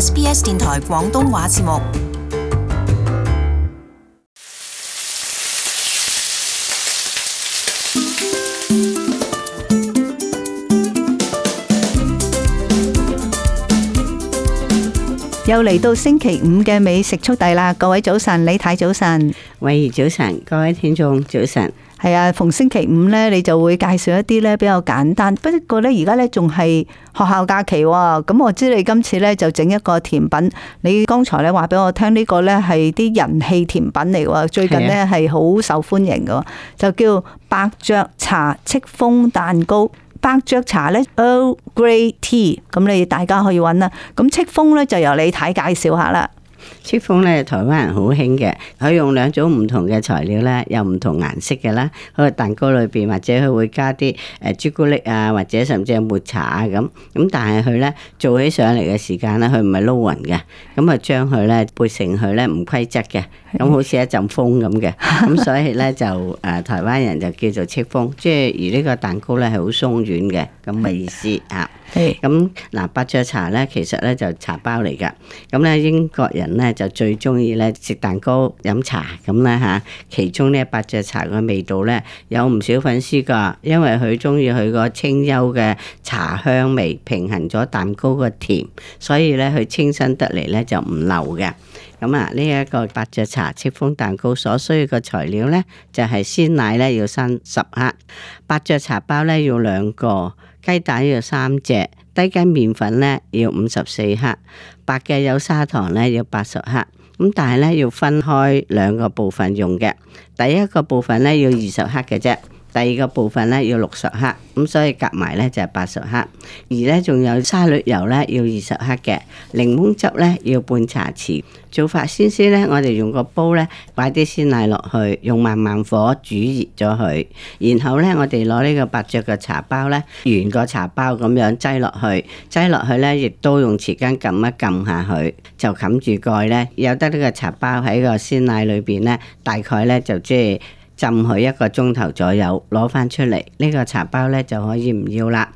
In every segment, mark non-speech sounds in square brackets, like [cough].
SBS 電台廣東話節目，又嚟到星期五嘅美食速遞啦！各位早晨，李太早晨，喂，早晨，各位聽眾早晨。係啊，逢星期五咧，你就會介紹一啲咧比較簡單。不過咧，而家咧仲係學校假期喎、哦。咁、嗯、我知你今次咧就整一個甜品。你剛才咧話俾我聽、這個、呢個咧係啲人氣甜品嚟喎，最近咧係好受歡迎嘅，就叫伯爵茶戚風蛋糕。伯爵茶咧 Earl Grey Tea。咁你大家可以揾啦。咁戚風咧就由你睇介紹下啦。戚風咧，台灣人好興嘅，佢用兩種唔同嘅材料咧，有唔同顏色嘅啦。佢個蛋糕裏邊或者佢會加啲誒朱古力啊，或者甚至係抹茶啊咁。咁但係佢咧做起上嚟嘅時間咧，佢唔係撈勻嘅，咁啊將佢咧撥成佢咧唔規則嘅，咁好似一陣風咁嘅。咁 [laughs] 所以咧就誒、啊、台灣人就叫做戚風，即係而呢個蛋糕咧係好鬆軟嘅，咁嘅意思啊。 [laughs] 咁嗱、嗯，伯爵茶咧，其實咧就茶包嚟噶。咁、嗯、咧，英國人咧就最中意咧食蛋糕飲茶咁咧嚇。其中呢伯爵茶嘅味道咧有唔少粉絲噶，因為佢中意佢個清幽嘅茶香味，平衡咗蛋糕個甜，所以咧佢清新得嚟咧就唔流嘅。咁、嗯、啊，呢、這、一個伯爵茶戚風蛋糕所需要嘅材料咧，就係鮮奶咧要三十克，伯爵茶包咧要兩個。雞蛋要三隻，低筋麵粉呢要五十四克，白嘅有砂糖呢要八十克，咁但係呢要分開兩個部分用嘅，第一個部分呢要二十克嘅啫。第二個部分咧要六十克，咁所以夾埋咧就係八十克。而咧仲有沙律油咧要二十克嘅，檸檬汁咧要半茶匙。做法先先咧，我哋用個煲咧擺啲鮮奶落去，用慢慢火煮熱咗佢。然後咧，我哋攞呢個白雀嘅茶包咧，圓個茶包咁樣擠落去，擠落去咧亦都用匙羹撳一撳下去，就冚住蓋咧，有得呢個茶包喺個鮮奶裏邊咧，大概咧就即係。浸佢一個鐘頭左右，攞返出嚟，呢個茶包咧就可以唔要啦。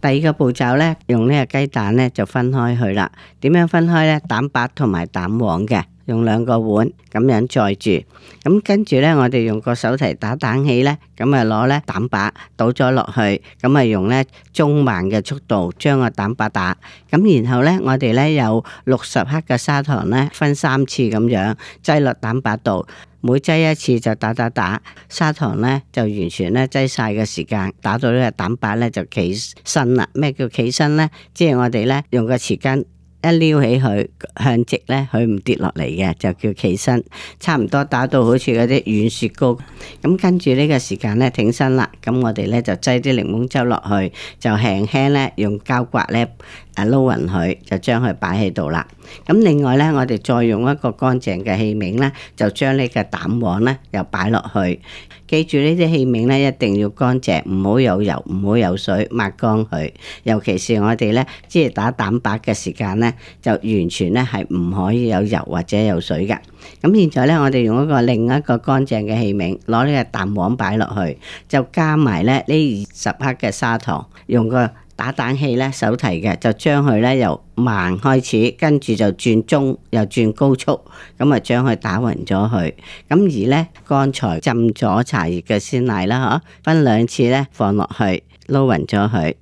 第二個步驟咧，用呢個雞蛋咧就分開佢啦。點樣分開呢？蛋白同埋蛋黃嘅。用兩個碗咁樣載住，咁跟住呢，我哋用個手提打蛋器呢，咁啊攞呢蛋白倒咗落去，咁啊用呢中慢嘅速度將個蛋白打，咁然後呢，我哋呢有六十克嘅砂糖呢，分三次咁樣擠落蛋白度，每擠一次就打打打，砂糖呢，就完全呢擠晒個時間，打到呢個蛋白呢，就起身啦。咩叫起身呢？即係我哋呢用個匙羹。一撩起佢向直咧，佢唔跌落嚟嘅就叫企身，差唔多打到好似嗰啲軟雪糕。咁跟住呢個時間咧挺身啦，咁我哋咧就擠啲檸檬汁落去，就輕輕咧用膠刮咧誒撈匀佢，就將佢擺喺度啦。咁另外咧，我哋再用一個乾淨嘅器皿咧，就將呢個蛋黃咧又擺落去。記住呢啲器皿咧一定要乾淨，唔好有油，唔好有水，抹乾佢。尤其是我哋咧，即係打蛋白嘅時間咧，就完全咧係唔可以有油或者有水嘅。咁現在咧，我哋用一個另一個乾淨嘅器皿，攞呢個蛋黃擺落去，就加埋咧呢二十克嘅砂糖，用個。打蛋器咧，手提嘅就將佢咧由慢開始，跟住就轉中，又轉高速，咁啊將佢打勻咗佢。咁而呢，剛才浸咗茶葉嘅鮮奶啦，吓、啊、分兩次咧放落去撈勻咗佢。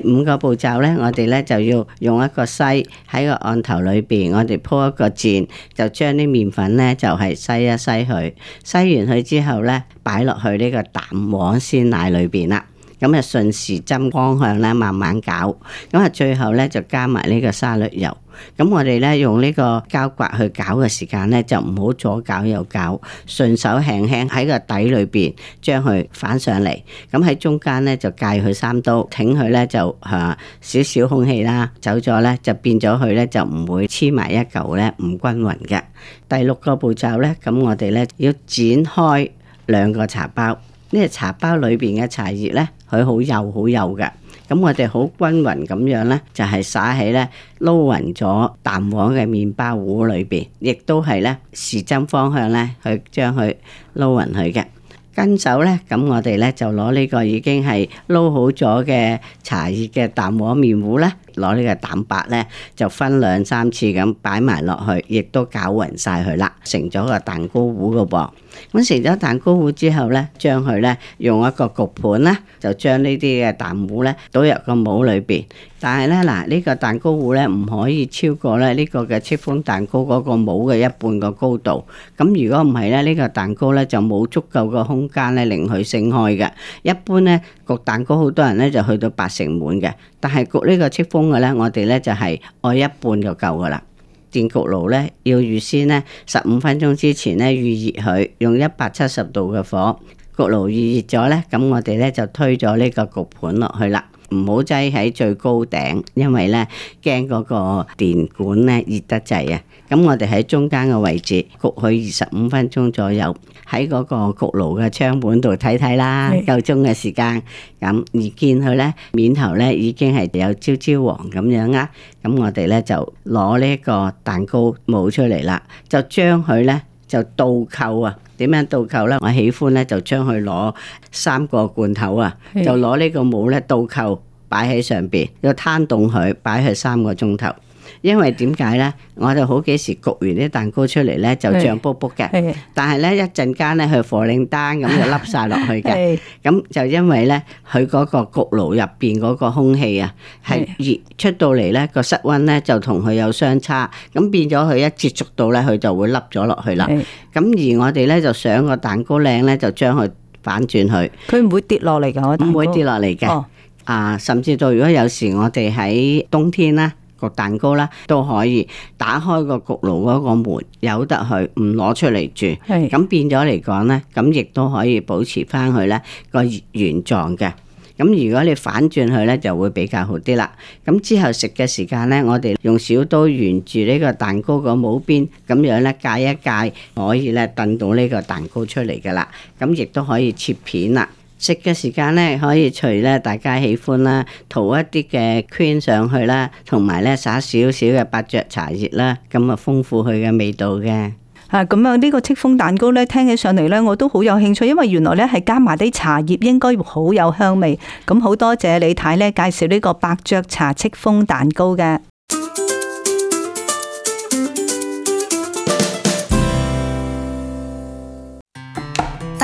第五個步驟呢，我哋呢就要用一個篩喺個案頭裏邊，我哋鋪一個墊，就將啲麵粉呢就係、是、篩一篩佢。篩完佢之後呢，擺落去呢個蛋黃鮮奶裏邊啦。咁啊，順時針方向咧，慢慢攪。咁啊，最後咧就加埋呢個沙律油。咁我哋咧用呢個膠刮去攪嘅時間咧，就唔好左攪右攪，順手輕輕喺個底裏邊將佢翻上嚟。咁喺中間咧就介佢三刀，挺佢咧就嚇少少空氣啦，走咗咧就變咗佢咧就唔會黐埋一嚿咧唔均勻嘅。第六個步驟咧，咁我哋咧要剪開兩個茶包，呢個茶包裏邊嘅茶葉咧。佢好幼好幼嘅，咁我哋好均勻咁樣呢，就係撒喺呢撈勻咗蛋黃嘅麵包糊裏邊，亦都係呢時針方向呢去將佢撈勻佢嘅。跟手呢，咁我哋呢就攞呢個已經係撈好咗嘅茶葉嘅蛋黃麵糊咧。攞呢個蛋白咧，就分兩三次咁擺埋落去，亦都攪勻晒佢啦，成咗個蛋糕糊噶噃。咁成咗蛋糕糊之後咧，將佢咧用一個焗盤啦，就將呢啲嘅蛋糊咧倒入個模裏邊。但係咧嗱，呢個蛋糕糊咧唔可以超過咧呢個嘅戚風蛋糕嗰個模嘅一半個高度。咁如果唔係咧，呢個蛋糕咧就冇足夠個空間咧令佢升開嘅。一般咧。焗蛋糕好多人咧就去到八成滿嘅，但係焗呢個戚風嘅咧，我哋咧就係愛一半就夠噶啦。電焗爐咧要預先咧十五分鐘之前咧預熱佢，用一百七十度嘅火。焗爐預熱咗咧，咁我哋咧就推咗呢個焗盤落去啦。唔好擠喺最高頂，因為咧驚嗰個電管咧熱得滯啊！咁我哋喺中間嘅位置焗佢二十五分鐘左右，喺嗰個焗爐嘅窗門度睇睇啦，夠鐘嘅時間咁而見佢咧面頭咧已經係有焦焦黃咁樣啦，咁我哋咧就攞呢個蛋糕模出嚟啦，就將佢咧就倒扣啊！點樣倒扣呢？我喜歡咧，就將佢攞三個罐頭啊，的就攞呢個帽呢倒扣擺喺上面，又攤凍佢，擺佢三個鐘頭。因為點解咧？我哋好幾時焗完啲蛋糕出嚟咧，就脹卜卜嘅。是但係咧，一陣間咧，佢火令單咁就凹晒落去嘅。係的，咁就因為咧，佢嗰個焗爐入邊嗰個空氣啊，係熱的出到嚟咧，個室温咧就同佢有相差，咁變咗佢一接觸到咧，佢就會凹咗落去啦。係的，咁而我哋咧就想個蛋糕靚咧，就將佢反轉去佢。佢唔會跌落嚟噶，我唔會跌落嚟嘅。哦、啊，甚至到如果有時我哋喺冬天啦。焗蛋糕啦都可以打開個焗爐嗰個門，由得佢唔攞出嚟住，咁是變咗嚟講呢，咁亦都可以保持翻佢呢個原狀嘅。咁如果你反轉佢呢，就會比較好啲啦。咁之後食嘅時間呢，我哋用小刀沿住呢個蛋糕個帽邊咁樣呢，界一界，可以呢燉到呢個蛋糕出嚟噶啦。咁亦都可以切片啦。食嘅時間咧，可以隨咧大家喜歡啦，塗一啲嘅忌廉上去啦，同埋咧撒少少嘅伯爵茶葉啦，咁啊豐富佢嘅味道嘅。啊，咁啊呢個戚風蛋糕咧，聽起上嚟咧，我都好有興趣，因為原來咧係加埋啲茶葉，應該好有香味。咁好多謝李太咧介紹呢個伯爵茶戚風蛋糕嘅。